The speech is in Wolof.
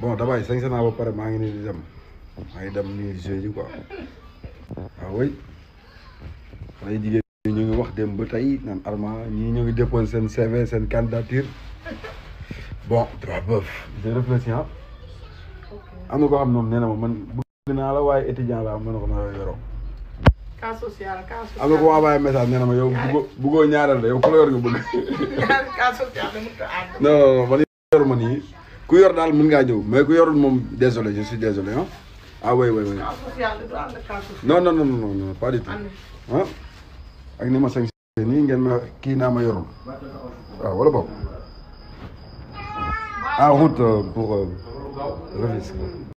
bon damay sañ sa naa ba pare maa ngi nii di dem maa ngi dem nii jeu ji quoi waaw ah oui xale yu jigéen ñu ngi wax dem ba tey naan Arma ñii ñu ngi déposé seen CV seen candidature bon Drap Boeuf je réfléchis am na koo xam noonu nee na ma man bëgg naa la waaye étudiant la am na ko noo yoroo. cas social cas social am na ko envoyé message nee na ma yow nii. ku yor daal mën ngaa ñëw mais ku yorul moom désolé je suis désolé ah. ah oui oui oui non non non non pas du tout ah ak ni ma sañ nii ngeen ma kii naa ma yorul waaw ah, wala boog en route euh, pour euh, Rufisque